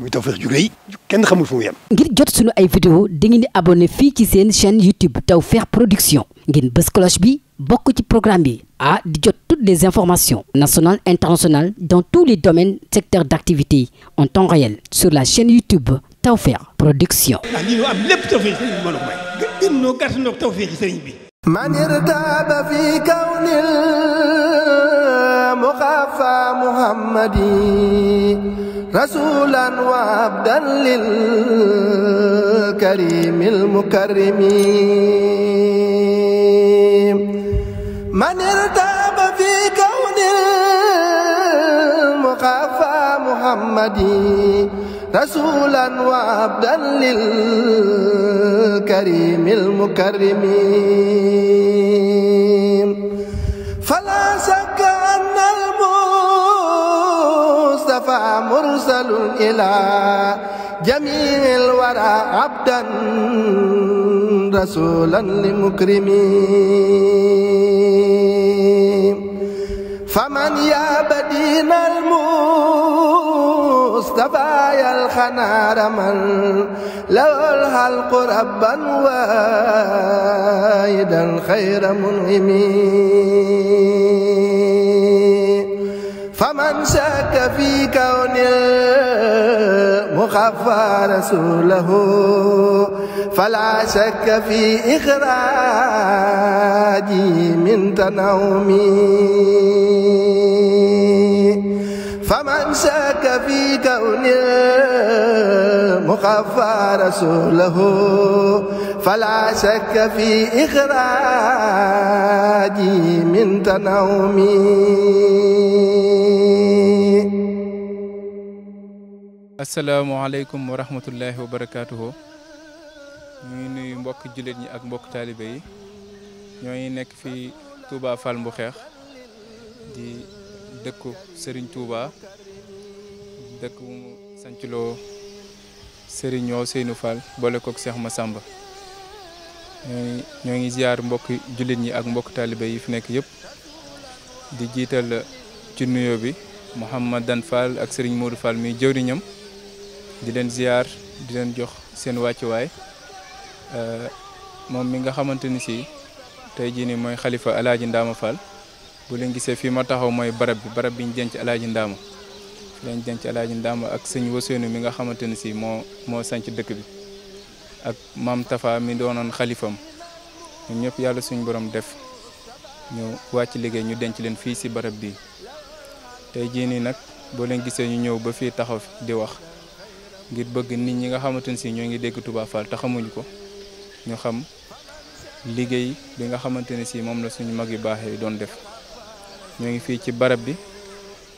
muy Tawfekh ju rëy kenn xamul fu mu ngir jot sunu ay vidéo dangeen di abonné fii ci seen chaîne YouTube Tawfekh Production ngeen bës bi bokk ci programme bi ah di jot toutes les informations nationales internationales dans tous les domaines secteurs d'activité en temps réel sur la chaîne YouTube Tawfekh Production. ah lii am lépp tawfeex ci bi mbooloo mooy. gën gën ñoo مخافى محمدي رسولا وعبدا للكريم المكرم من ارتاب في كون المخافى محمدي رسولا وعبدا للكريم المكرم المصطفى مرسل إلى جميع الورى عبدا رسولا لمكرمين فمن يا بدين المصطفى يا الخنار من له الحلق ربا وايدا خير منعمين فمن شك في كون المخفى رسوله فلا شك في إخراجي من تنومي فمن شك في كون المخفى رسوله فلا شك في إخراجي من تنومي asalaamaaleykum wa rahmatullahi wa barakaatuhu ñu ngi nuyu mbokk jullit ñi ak mbokk taalibe yi ñoo ngi nekk fii Touba Fall Mbuxeex di dëkku sëriñ Touba dëkk bu mu sancloo Serigne ñoo Seynou Fall boole kook Cheikh Massamba ñoo ngi ziar mbokk jullit ñi ak mbokk taalibe yi fi nekk yépp di jiital ci nuyo bi dan Fall ak Serigne Modou Fall mi jëwriñam di leen ziar di leen jox seen wàccuwaay euh, moom mi nga xamante ni si tey jii nii mooy xalifa alaaji Ndaama Fall bu leen gisee fii ma taxaw mooy barab bi barab bi ñu denc alaaji Ndaama fi lañ denc alaaji Ndaama ak sëñ Waseenu mi nga xamante ni si moo moo sanc dëkk bi ak maam Tafa mi doonoon xalifam ñun ñëpp yàlla suñu borom def ñu wàcc liggéey ñu denc leen fii si barab bi tey jii nii nag boo leen gisee ñu ñëw ba fii taxaw di wax. ngir bëgg nit ñi nga xamante ne si ñoo ngi dégg Touba Fall ko ñu xam liggéey bi nga xamante ne si moom la suñu mag yu baax doon def ñoo ngi fii ci barab bi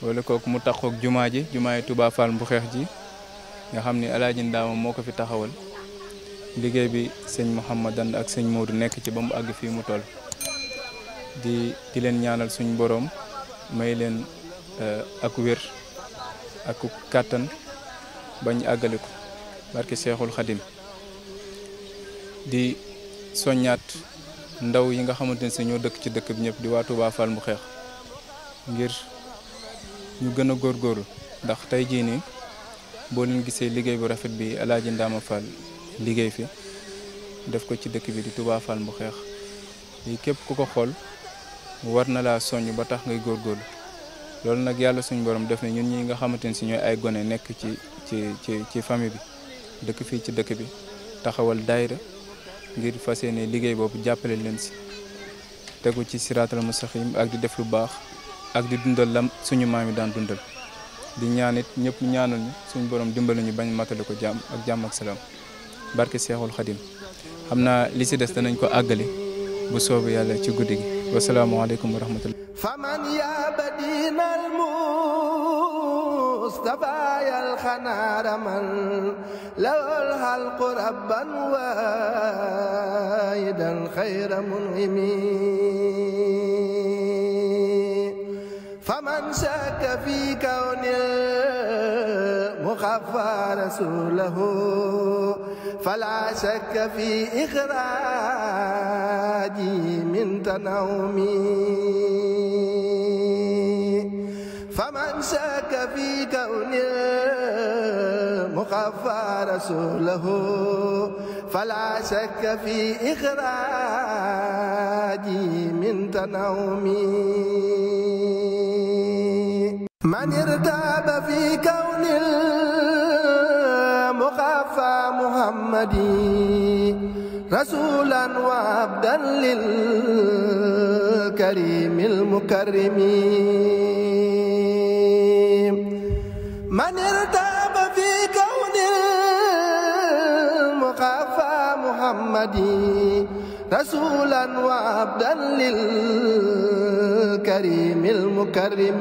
wala kooku mu taxoog jumaa ji jumaa yi Touba Fall Mbuxeex ji nga xam ni alaaji Ndaama moo ko fi taxawal liggéey bi sëñ Mouhamadan ak sëñ du nekk ci ba mu àgg fii mu toll di di leen ñaanal suñu boroom may leen eh, ak wér ak kàttan bañ àggale ko barki seexul xadim di soññaat ndaw yi nga xamante ne si ñoo dëkk ci dëkk bi ñëpp di waa Touba Fall mu xeex ngir ñu gën a góorgóorlu ndax tey jii nii boo leen gisee liggéey bu rafet bi Alaaji Ndaama Fall liggéey fi def ko ci dëkk bi di Touba Fall mu xeex lii képp ku ko xool war na laa soññ ba tax ngay góor góorgóorlu loolu nag yàlla suñu borom def ne ñun ñi nga xamante ne si ñooy ay gone nekk ci ci ci ci famille bi dëkk fii ci dëkk bi taxawal daayira ngir fa yéene liggéey boobu jàppale leen si tegu ci siraatal mustaqim ak di def lu baax ak di dundal lam suñu maam yi daan dundal di ñaanit ñëpp ñaanu ñu suñu borom dimbali ñu bañ matali ko jàmm ak jàmm ak salaam barke Seexul Xadim xam naa li si des danañ ko àggali bu soobu yàlla ci guddi gi. wasalaamualeykum wa rahmatullah faman ya badina al mustafa ya al xanaara man lawal xalqu rabban waidan xayra munhimi faman shakka fi kawnil muxafa rasulahu فلا شك في إخراجي من تنومي فمن شك في كون المخفى رسوله فلا شك في إخراجي من تنومي من ارتاب في كون محمدي رسولا وعبدا للكريم المكرم من ارتاب في كون المخافى محمدي رسولا وعبدا للكريم المكرم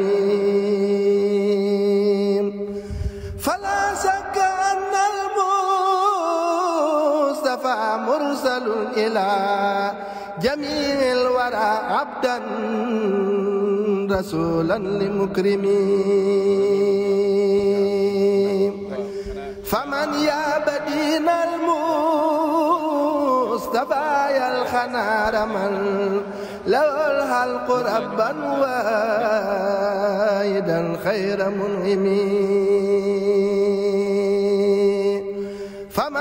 مرسل إلى جميع الورى عبدا رسولا لمكرمين فمن يا بدين المصطفى يا الخنار من له الحلق ربا وايدا خير منعمين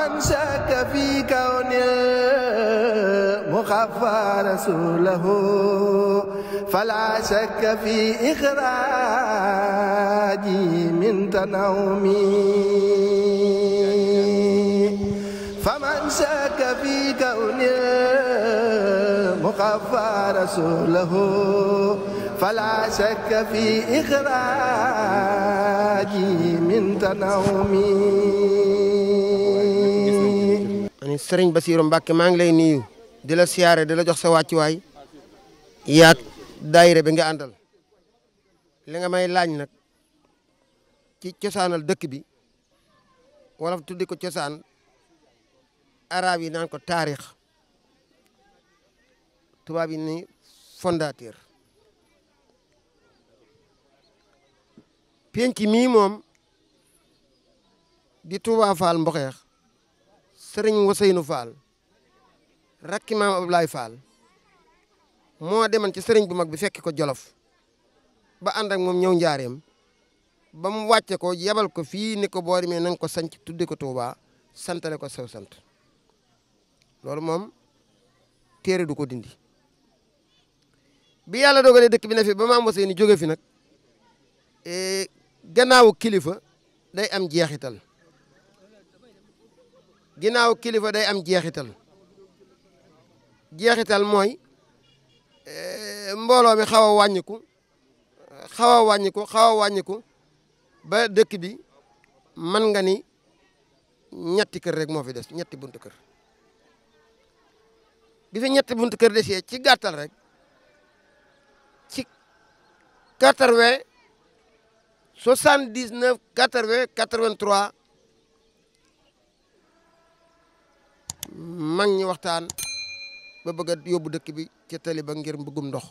وأنشأك في كون مخفى رسوله فلا شك في إخراجي من تنومي فمن شك في كون مخفى رسوله فلا شك في إخراجي من تنومي sëriñ Bassirou Mbacke maa ngi lay nuyu di la siyaare di la jox sa wàccuwaay yaag daayira bi nga àndal li nga may laaj nag ci cosaanal dëkk bi wala tuddi ko cosaan araab yi naan ko taarix tubaab yi ni fondateur penc mii moom di Touba Fall Mboxeex sëriñ Ousseynou Fall rakki maam Ablaye Fall moo deman ci sëriñ bu mag bu fekki ko Jolof ba ànd ak moom ñëw njaareem ba mu wàcce ko yebal ko fii ni ko boori mee na ko sanc tudde ko Touba santale ko sew sant loolu moom téere du ko dindi bi yàlla dogalee dëkk bi ne fi ba maam Ousseynou jóge fi nag eh, gannaawu kilifa day am jeexital ginnaaw kilifa day am jeexital jeexital mooy eh, mbooloo mi xaw a wàññiku xaw a wàññiku xaw a wàññiku ba dëkk bi mën nga ni ñetti kër rek moo fi des ñetti buntu kër bi fi ñetti buntu kër desee ci gàttal rek ci quatre-vingt soixante-dix-neuf quatre-vingt quatre-vingt-trois mag ñi waxtaan ba bëgg a yóbbu dëkk bi ci ba ngir mbëggum ndox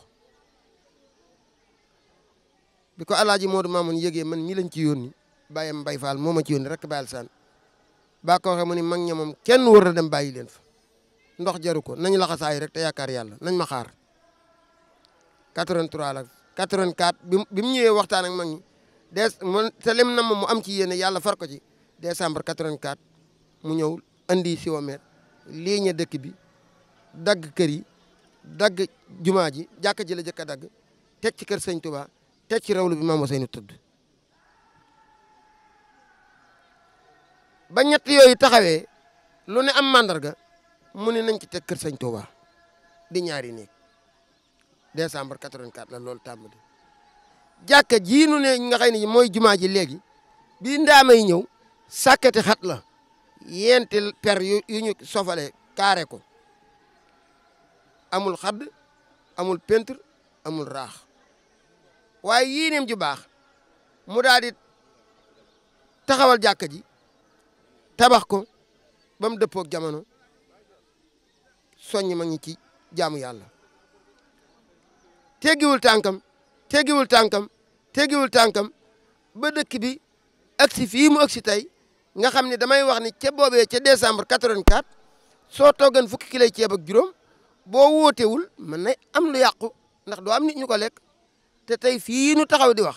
bi ko alaaji Moodu mun yegee man mii lañ ci yónni bàyyam mbay faal moo ma ci yónni rek bàyyal saan baa ko waxee mu ni mag ña moom kenn wër a dem bàyyi leen fa ndox jaru ko nañ laxasaay rek te yaakaar yàlla nañ ma xaar 83 la 84 bi bi mu ñëwee waxtaan ak mag des man te lim na mu am ci yéene yàlla far ko ci décembre 84 mu ñëw andi siomètre liiñe dëkk bi dagg kër yi dagg jumaa ji jàkka ji la jëkk a dagg teg ci kër sëñ Tuubaa teg ci rawlu bi maam Ousseynou tudd ba ñett yooyu taxawee lu ne am màndarga mu ne nañ ci teg kër sëñ Tuubaa di ñaari néeg décembre 84 la loolu tàmbali jàkka jii nu ne nga xëy ne mooy jumaa ji léegi bii ndaamay ñëw sàkkati xat la yenti per yu ñu sofale kaare ko amul xadd amul pentre amul raax waaye yéeneem ju baax mu daal taxawal jàkka ji tabax ko bam mu dëppoog jamono soññ ma ngi ci jaamu yàlla teggiwul tànkam teggiwul tànkam teggiwul tànkam ba dëkk bi agsi fii mu agsi tey nga xam ne damay wax ni ca boobee ca décembre 84 soo toogan fukki kilo ceeb juróom boo wóotewul mën na am lu yàqu ndax doo am nit ñu ko lekk te tey fii nu taxaw di wax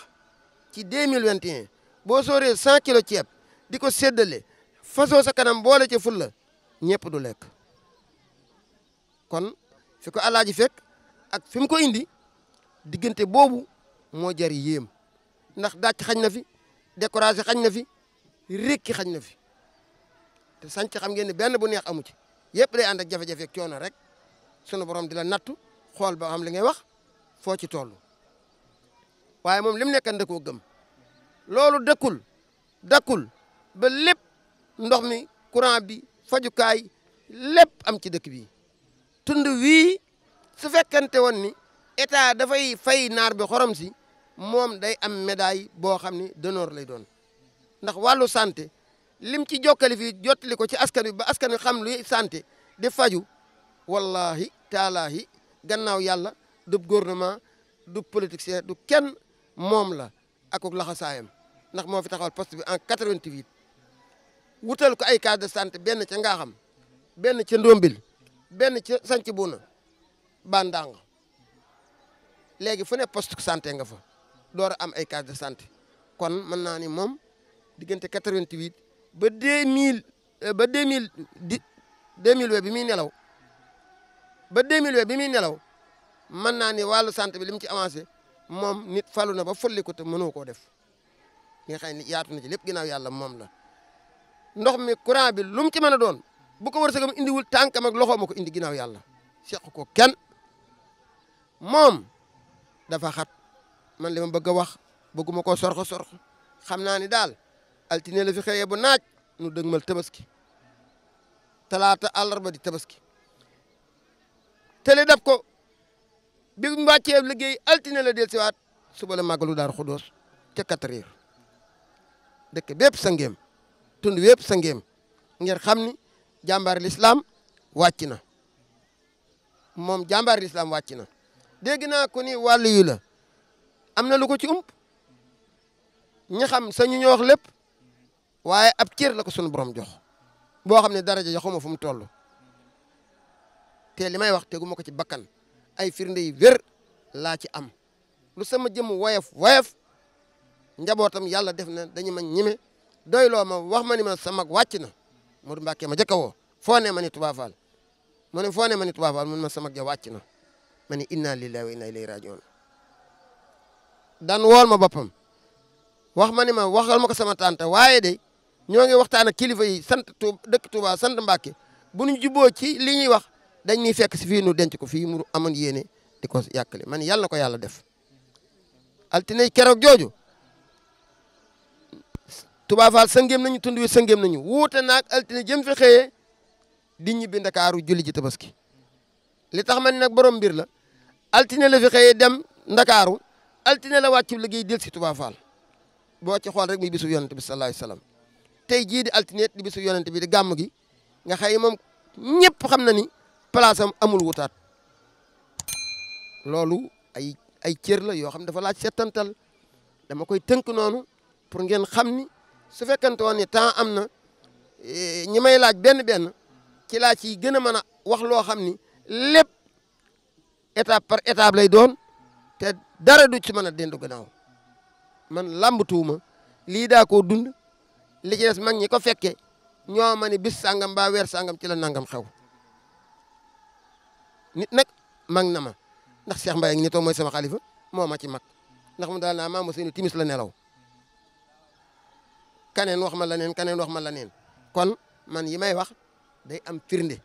ci 2021 boo sooree cent kilo ceeb di ko séddale fasoo sa kanam boole cee ful la ñëpp du lekk kon fi ko alaaji fekk ak fi mu ko indi diggante boobu moo jar yéem ndax dàcc xañ na fi découragé xañ na fi rékki xañ na fi te sànq xam ngeen ne benn bu neex amu ci yëpp day ànd ak jafe-jafe ak rek sunu borom di la nattu xool ba xam li ngay wax foo ci toll waaye moom lim nekkan da koo gëm loolu dëkkul dëkkul ba lépp ndox mi courant bi fajukaay lépp am ci dëkk bi tund wii su fekkente woon ni état dafay fay naar bi xorom si moom day am médaille boo xam ni d'honneur lay doon ndax wàllu santé lim ci jokkale fii jottali ko ci askan wi ba askan wi xam luy santé di faju wallahi taalaahi gannaaw yàlla du gouvernement du politicien du kenn moom la ak laxasaayam ndax moo fi taxawal poste bi en 88 wutal ko ay cas de santé benn ca Ngaaxam benn ca Ndombil benn ca Sanc Buna Bandang léegi fu ne poste santé nga fa door am ay cas de santé kon mën naa ni moom diggante 88 ba 2000 euh, ba 2000 di 2000 bi muy nelaw ba 2000 bi muy nelaw mën naa ni wàllu santé bi li ci avancé moom nit falu na ba folli ko te mënoo koo def nga xam ni yaatu na ci lépp ginnaaw yàlla moom la ndox mi courant bi lu ci mën a doon bu ko wërsëgam indiwul tànkam ak loxoom ko indi ginnaaw yàlla seq ko kenn moom dafa xat man li ma bëgg a wax bëgguma koo sorxo sorxo xam naa ni daal altine la fi xëyee bu naaj nu dëgmal tabaski talaata àllarba di tabaski tele dab ko bi mu wàccee liggéey altine la del siwaat suba la màggalu Daaru Xudoos ca quatre heures dëkk bépp tund wépp sa ngeem ngeen xam ni jàmbaar lislaam wàcc na moom jàmbaar lislaam wàcc na dégg naa ko la am na lu ko ci ump xam sañu ñoo wax waaye ab cër la ko sunu borom jox boo xam ne daraja joxuma fu mu toll te li may wax teguma ko ci bakkan ay firnde yi wér laa ci am lu sama jëm woyaf woyof njabootam yàlla def na dañu ma ñime doy loo ma wax ma ni ma sama wàcc na Modou Mbacke ma jëkka woo foo ne ma ni Touba Fall mu ne foo ne ma ni Touba Fall mun sama ja wàcc na ma ni inna lillahi wa inna ilayhi rajiun dan wool ma boppam wax ma ni ma waxal ma ko sama tante waaye de ñoo ngi waxtaan ak kilifa yi sant Touba dëkk Touba sant Mbacke bu ñu juboo ci li ñuy wax dañ ñuy fekk si fii nu denc ko fii mu amoon yéene di ko yàqale man yàlla ko yàlla def. altine keroog jooju Touba Fall sëngeem nañu tund wi sëngeem nañu wuute naag altine jëm fi xëyee di ñibbi Ndakaaru julli ji tabaski li tax man nag borom mbir la altine la fi xëyee dem Ndakaaru altine la wàccu ci del si Touba Fall boo ci xool rek muy bisu yonent bi sallallahu alayhi tey jii di altine di bisu yonent bi di gàmm gi nga xëy moom ñëpp xam na ni place am amul wutaat loolu ay ay cër la yoo xam ne dafa laaj settantal dama koy tënk noonu pour ngeen xam ni su fekkante woon ni temps am na eh, ñi may laaj benn benn ci laaj yi gën a mën a wax loo xam ni lépp étape par étape lay doon te dara du ci mën a dend gannaaw man lii daa koo dund li ci des mag ñi ko fekke ñoo ma ne bis sàngam ba weer sàngam ci la nangam xew nit nag mag na ma ndax Cheikh Mbaye ak nitoo mooy sama xalifa moo ma ci mag ndax mu daal naa maa ma seeni timis la nelaw kaneen wax ma la neen kaneen wax ma la neen kon man yi may wax day am firnde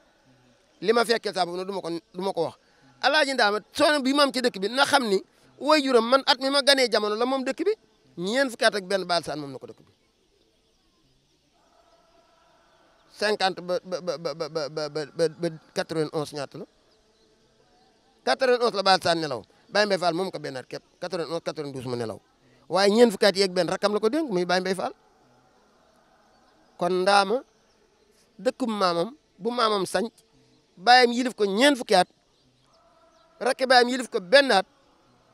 li ma fekkee saabu na du ma ko du ma ko wax alaaji ndaama soon bi maam ci dëkk bi na xam ni way juram man at mi ma ganee jamono la moom dëkk bi ñeent fukki at ak benn baal saan moom na ko dëkk cinquante ba ba ba ba quatre vingt onze la quatre vingt la Baye Sane nelaw Baye Mbaye Fall moom ko benn at képp quatre vingt onze quatre vingt douze mu nelaw waaye ñeent fukki at yeeg benn rakam la ko dénk muy Baye Mbaye Fall kon ndaama dëkkum maamam bu maamam sanc baayam yilif ko ñeent fukki at rakk baayam yilif ko benn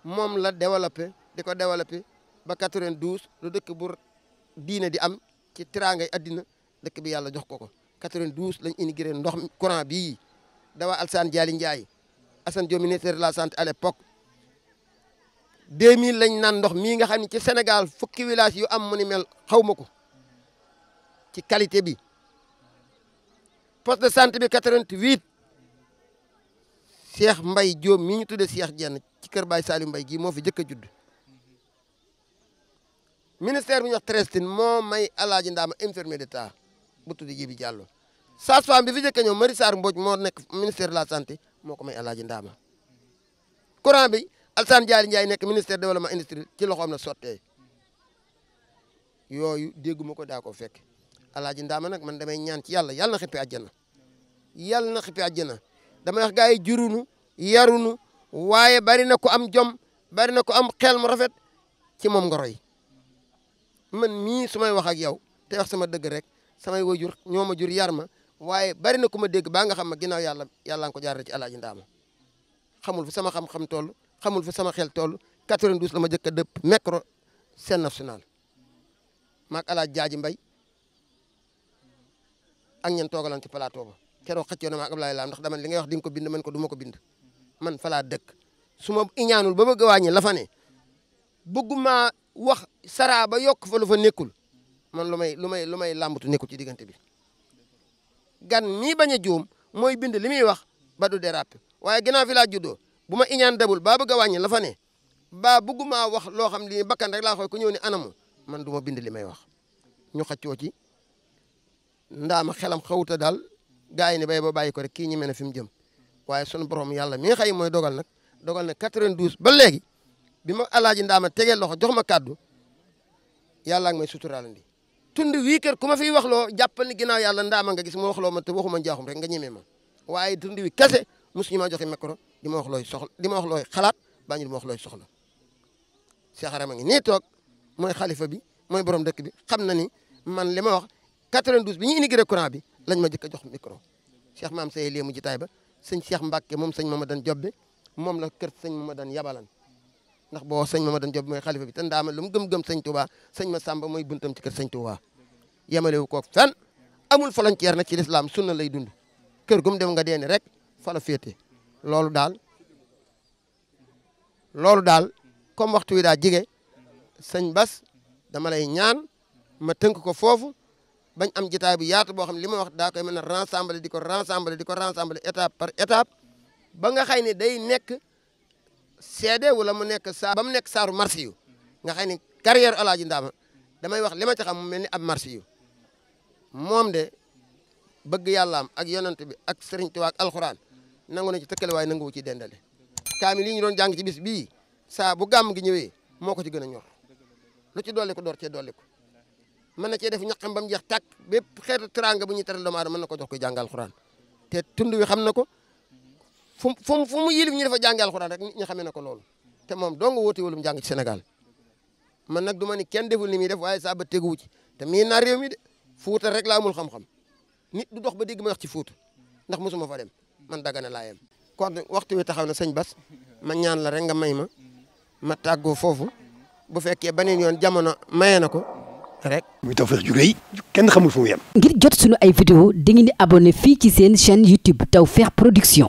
moom la développé di ko développé ba quatre vingt douze lu dëkk bu diine di am ci teraangay addina dëkk bi yàlla jox ko ko 92 lañ inauguré ndox courant bii dawaa Alsaan Jaali Njaay Assane Diop ministère de la santé à l'époque 2000 lañ naan ndox mii nga xam ne ci Sénégal fukki village yu am mu ni mel xaw ma ko ci qualité bi poste de santé bi 88 Cheikh Mbaye Diop mii ñu tuddee Cheikh Jenn ci kër baay Salim mbay gii moo fi jëkk a judd ministère bu ñu wax Trestine moo may alaaji Ndaama de d'État bu tudd Jibi Diallo sage-femme bi fi njëkk a ñëw Marie Sarr moo nekk ministère de la santé moo ko may Alaaji Ndaama bi Alassane Diallo Ndiaye nekk ministère développement industriel ci loxoom la sottee yooyu dégguma ko daa ko fekk Alaaji Ndaama nag man damay ñaan ci yàlla yàlla na xippi àjjana yàlla na xippi àjjana damay wax jurunu yarunu waaye bari na ko am jom bari na ko am xel mu rafet ci moom nga roy man mii su may wax yow te wax sama dëgg rek samay wajur ñoo ma jur yar ma waaye bari na ku ma dégg baa nga xam ma ginnaaw yàlla yàlla nga ko jaarale ci alaaji ndaama xamul fu sama xam-xam toll xamul fu sama xel toll 92 la ma jëkk a dëpp micro scène nationale maag alaaj jaaji mbay ak ñen toogalan ci plateau ba keroo xëccoo na maag Ablaye Lam ndax dama li ngay wax di nga ko bind man ko du ko bind man falaa dëkk su ma iñaanul ba bëgg a wàññi la fa ne bëgguma wax saraa ba yokk fa lu fa nekkul man lu may lu may lu may làmbatu nekkul ci diggante bi gan mii bañ a juum mooy bind li muy wax ba du dérape waaye ginnaaw fi laa juddoo bu ma iñaan dabul baa bëgg a wàññi la fa ne baa bëggumaa wax loo xam li bakkan rek laa xooy ku ñëw ne anamu man du ma bind li may wax ñu xaccoo ci ndaama xelam xawuta daal gars yi ne bay ba bàyyi ko rek kii ñi mel ne fi mu jëm waaye sunu borom yàlla mi nga xëy mooy dogal nag dogal na 92 ba léegi bi ma alaaji ndaama tegee loxo jox ma kàddu yàlla ak may suturaalandi tund wii kër ku ma fiy loo jàppal ginaa ginnaaw yàlla ndaama nga gis ma waxloo ma te waxuma njaaxum rek nga ñemee ma waaye tund wi kese mosuñu maa joxe micro di ma wax looy soxla di ma wax looy xalaat baa ñu di ma wax looy soxla Cheikh Arama ngi nii toog mooy xalifa bi mooy borom dëkk bi xam na ni man li ma wax 92 bi ñu inauguré courant bi lañ ma jëkk a jox micro Cheikh maam saye lée mu ba sëñ Cheikh Mbacke moom sëñ Mamadan Jobbe moom la kër sëñ Mamadan yabalan ndax boo sëñ Mamadou Diop mooy xalifa bi te ndaama lu mu gëm-gëm sëñ Touba sëñ ma Samba mooy buntam ci kër sëñ Touba yemalewu ko a amul frontière nag ci lislaam sunna lay dund kër gum dem nga deeni rek fa la féete loolu daal loolu daal comme waxtu wi daa jige sëñ Bas dama lay ñaan ma tënk ko foofu bañ am jitaay bu yaatu boo xam ne li ma wax daa koy mën a rassembler di ko rassembler di par étape ba nga xëy ne day nekk seede wala mu nekk saa ba mu nekk saaru marché nga xam ne carrière alaaji ndaama damay wax li ma ci xam mu mel ni ab marché yu moom de bëgg yàllaam ak yonent bi ak Sëriñ Tuubaa ak alxuraan nangu na ci tëkkale waaye nangu ci dendale kaami li ñu doon jàng ci bis bii saa bu gàmm gi ñëwee moo ko ci gën a ñor lu ci dolli ko door cee dolli ko mën na cee def ñaqam ba mu jeex tàkk bépp xeetu teraanga bu ñuy teral doomu mën na ko jox ko jàngal te tund wi xam ko fu foofu fu mu yilif ñu dafa jàngi alxuraan rek nit ñi xamee na ko loolu te moom dong woote wala mu jàng ci Sénégal man nag du ma ni kenn deful ni muy def waaye saa ba teguwu ci te mii na réew mi de rek laa amul xam nit du dox ba dégg ma wax ci Fuuta ndax mosuma fa dem man Dagana laa yem. kon waxtu wi taxaw na sëñ Bas ma ñaan la rek nga may ma ma tàggoo foofu bu fekkee beneen yoon jamono maye na ko rek. muy Tawfekh ju rëy kenn xamul fu mu yem. ngir jot sunu ay vidéo dangeen di abonné fii ci seen chaîne YouTube feex Production.